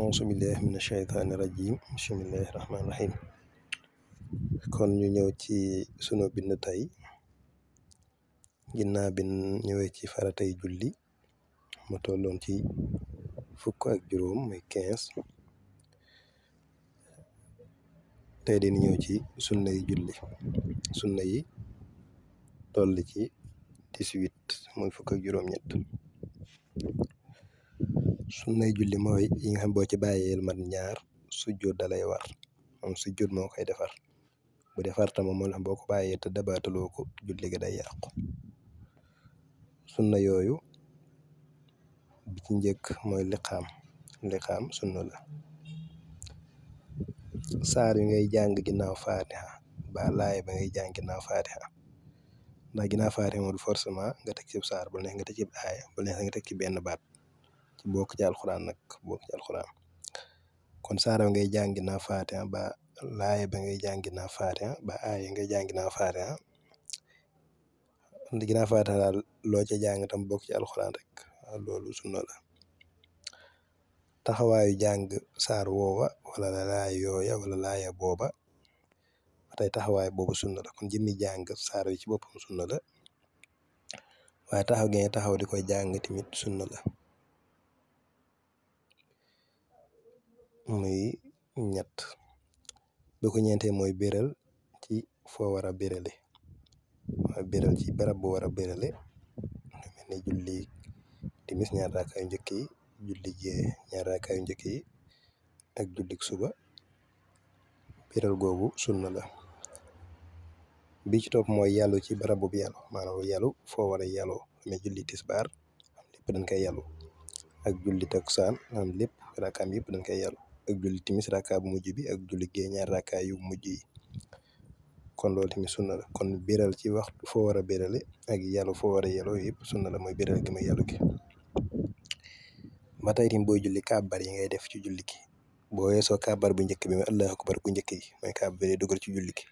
auzu billaahi mina sheytaani rajiim bismillaahi rahmaani rahiim kon ñu ñëw ci sunu binn tey ginnaaw bi ñëwee ci faratay julli mu tolloon ci fukk ak juróom muy quinze tey di ñëw ci sunna yi julli sunna yi toll ci dix-huit fukk ak juróom-ñett sunnay julli mooy yi nga xam boo ci bàyyee lu mat ñaar sujjóot dalay war moom sujjóot moo koy defar bu defar tam moom la boo ko bàyyee te dabaataloo ko julli ga day yàqu sunna yooyu bi ci njëkk mooy liqaam liqaam sunna la saar yu ngay jàng ginnaaw faatiha ba laay ba ngay jàng ginnaaw faatiha ndax ginnaaw faatiha moom du forcément nga teg ci saar bu neex nga teg ci aaya bu neex nga teg ci benn baat ci bokk ci alxuraan nag bokk ci alxuraan kon saara ngay jàngi naa faatiha ba laaya ba ngay jàngi naa faatiha ba aaya ngay jàngi naa faatiha ginnaaw faatiha daal loo ca jàng tam bokk ci alxuraan rek loolu sunna la taxawaayu jàng saar woowa wala laaya yooya wala laaya booba te tey taxawaay boobu sunna la kon jëmmi jàng saar wi ci boppam la waaye taxaw gi nga taxaw di ko jàng tamit la muy ñett bu ko ñeenteel mooy beral ci foo war a berale waa ci barab bu war a berale lu mel ni julli timis ñaar rakaa yu njëkk yi julli gee njëkk yi ak jullik suba beral googu sunna la bi ci topp mooy yàllu ci barab bu yàllu maanaam yàllu foo war a yàlloo mais tisbaar am lépp dañ koy yàllu ak julli takusaan am lépp rakaam yëpp dañ koy yàllu ak julli timis raka bu mujj bi ak julli gee ñaari raka yu mujj yi kon lool tamit sunna la kon biral ci wax foo war birale ak yàllu foo war a yàlloo yëpp sunna la mooy biral gi muy yàllu gi ba tey tamit booy julli kàbbar yi ngay def ci julli gi boo weesoo kàbbar bu njëkk bi mooy allahu akbar bu njëkk yi mooy kàbbar yi dugal ci julli gi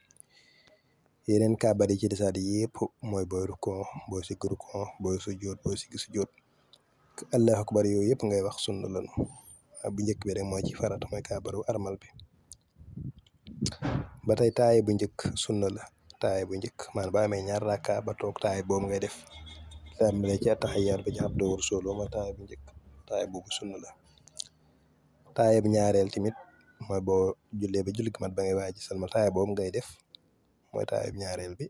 yeneen kàbbar yi ci desaat yëpp mooy booy rukkoo booy sikki rukkoo booy sujjóot booy sikki sujjóot allahu ngay wax sunna la bu njëkk bi rek mooy ci farata mooy kaabaru armal bi ba tey taay bu njëkk sunna la taay bu njëkk maanaam ba amee ñaar rakka ba toog taay boobu ngay def tàmbale ci bu njëkk taay boobu sunna la taay bu ñaareel tamit mooy boo jullee ba julli gi mat ba ngay waaj salma taay boobu ngay def mooy taay bu ñaareel bi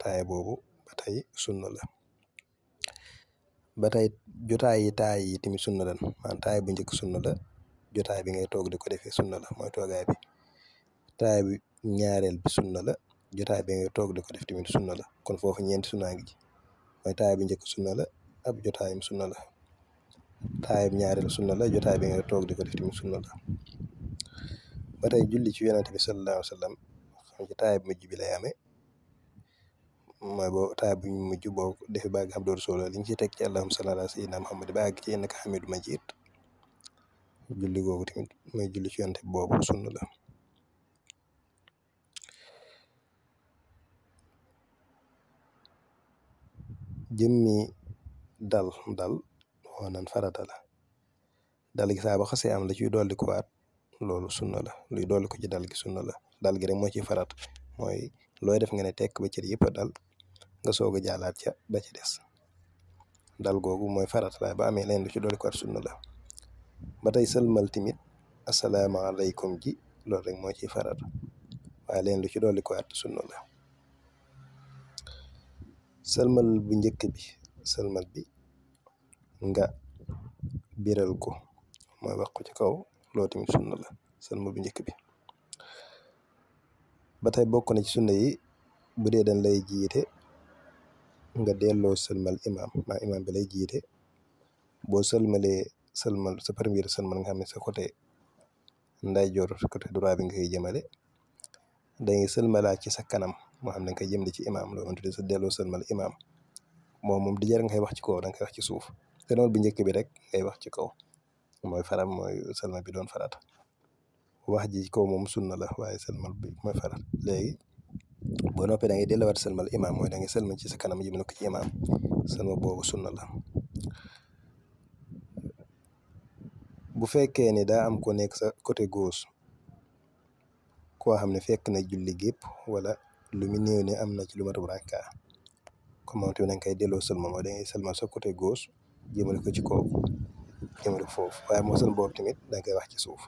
taay boobu ba tey sunna la ba tey jotaay yi taay yi tamit sunna la bu njëkk sunna la jotaay bi ngay toog di ko defee sunna la mooy toogaay bi bi ñaareel bi la jotaay bi ngay toog di ko def tamit sunna la kon foofu ñeenti sunna ngi mooy taay bu njëkk sunna la ab jotaayam sunna la taayam ñaareel sunna la jotaay bi ngay toog di ko def tamit sunna la ba tey julli ci yonente bi sallallahu alayhi wa sallam xam mujj bi lay amee mooy bo taa bu ñu mujj boo defee ba àgg xam door solo li ñu ci teg ci allahumma salli ala sayyidina muhammad ba àgg ci innaka hamidum majid julli googu tamit mooy julli ci yonte boobu sunna la jëmmi dal dal waxoon farata la dal gi saa xase am la ciy dolli ko waat loolu sunna la luy dolli ko ci dal gi sunna la dal gi rek moo ci farat mooy looy def nga ne tekk ba cër yëpp a dal nga soog a jaalaat ca ba ci des dal googu mooy farataay ba amee leen lu ci dolli ko la ba tey sëlmal timit asalaamaaleykum ji loolu rek moo ciy farata waaye leen lu ci dolli ko at la sëlmal bu njëkk bi sëlmal bi nga biral ko mooy wax ko ci kaw loolu tamit sunna la sëlmal bu njëkk bi ba tey bokk na ci sunna yi bu dee dañ lay jiite nga delloo sëlmal imaam ma imaam bi lay jiite boo sëlmalee sëlmal sa premier sëlmal nga xam ne sa côté ndeyjoor côté droit bi nga koy jëmale dangay sëlmalaat ci sa kanam moo xam ne nga koy jëmale ci imaam loolu moom tuddee sa delloo sëlmal imaam moom moom di jar nga koy wax ci kaw da wax ci suuf te loolu njëkk bi rek ngay wax ci kaw mooy faram mooy sëlmal bi doon farata. wax ji kaw moom sunna la waaye sëlmal bi mooy faral léegi boo noppee da ngay delluwaat sëlmal imaam mooy da ngay sëlmal ci sa kanam jëmale ko ci imaam sëlmal boobu sunna la bu fekkee ni daa am ko nekk sa côté goos koo xam ne fekk na julli gépp wala lu mu néew ne am na ci lu mat rakka commenté nañ koy delloo sëlmal mooy da ngay sëlmal sa côté goos jëmale ko ci kaw jëmale ko foofu waaye moo sën boobu tamit da ngay wax ci suuf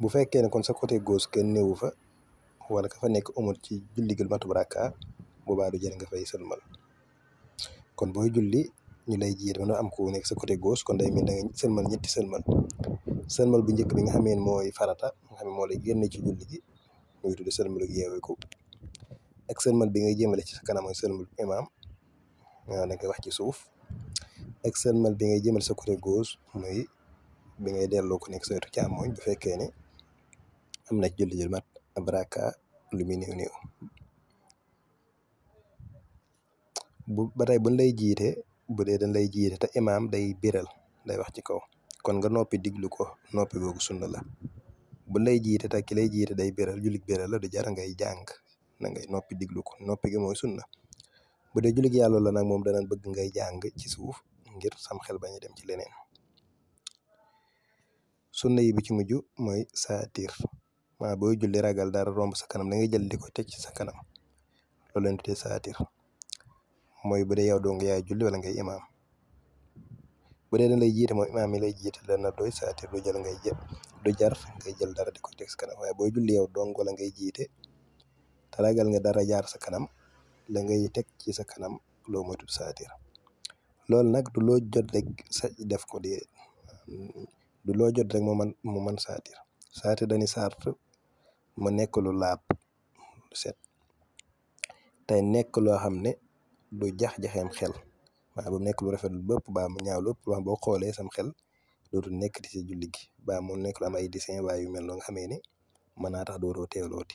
bu fekkee ne kon sa côté gauche kenn néewu fa wala ka fa nekk amul ci julligal matub rakka boobaa du jël nga fay sëlmal kon booy julli ñu lay jiit mën am ku nekk sa côté gauche kon day mel da nga sëlmal ñetti sëlmal sëlmal bu njëkk bi nga xamee mooy farata nga xam ne moo lay génne ci julli ji ñu ngi tudd sëlmalu yeeweeku ak sëlmal bi ngay jëmale ci sa kanam mooy nga da wax ci suuf ak sëlmal bi ngay jëmale sa côté goos muy bi ngay delloo ko nekk sa wetu càmmooñ bu fekkee ne am na julli ju mat ab raaka lu muy néew néew bu ba lay jiite bu dee dañ lay jiite te imaam day biral day wax ci kaw kon nga noppi diglu ko noppi googu sunna la buñ lay jiite te ki lay jiite day biral jullit biral la du jara ngay jàng na ngay noppi diglu ko noppi gi mooy sunna bu dee jullit yàlla la moom danañ bëgg ngay jàng ci suuf ngir sam xel bañu dem ci leneen sunna yi bi ci mujj mooy saatir maanaam booy julli ragal dara romb sa kanam da ngay jël di ko teg ci sa kanam loolu lañ tuddee saatir mooy bu dee yow dong yaay julli wala ngay imaam bu dee dañ lay jiite mooy mam mi lay jiite na doy saatir du jël ngay jël du jar ngay jël dara di ko teg sa kanam waaye booy julli yow dong wala ngay jiite te ragal nga dara jaar sa kanam la ngay teg ci sa kanam loo saatir loolu nag du loo jot rek sa def ko dee du loo jot rek mu man mu saatir saatir dañuy sart mu nekk lu laab set te nekk loo xam ne du jax-jaxeem xel maanaam bo nekk lu rafet lu bëpp baa mu ñaaw lu ëpp wax boo xoolee sam xel dootul nekk ci sa julli gi baa mu nekk lu am ay dessin baa yu mel loo nga xamee ne mën naa tax dootoo teewlooti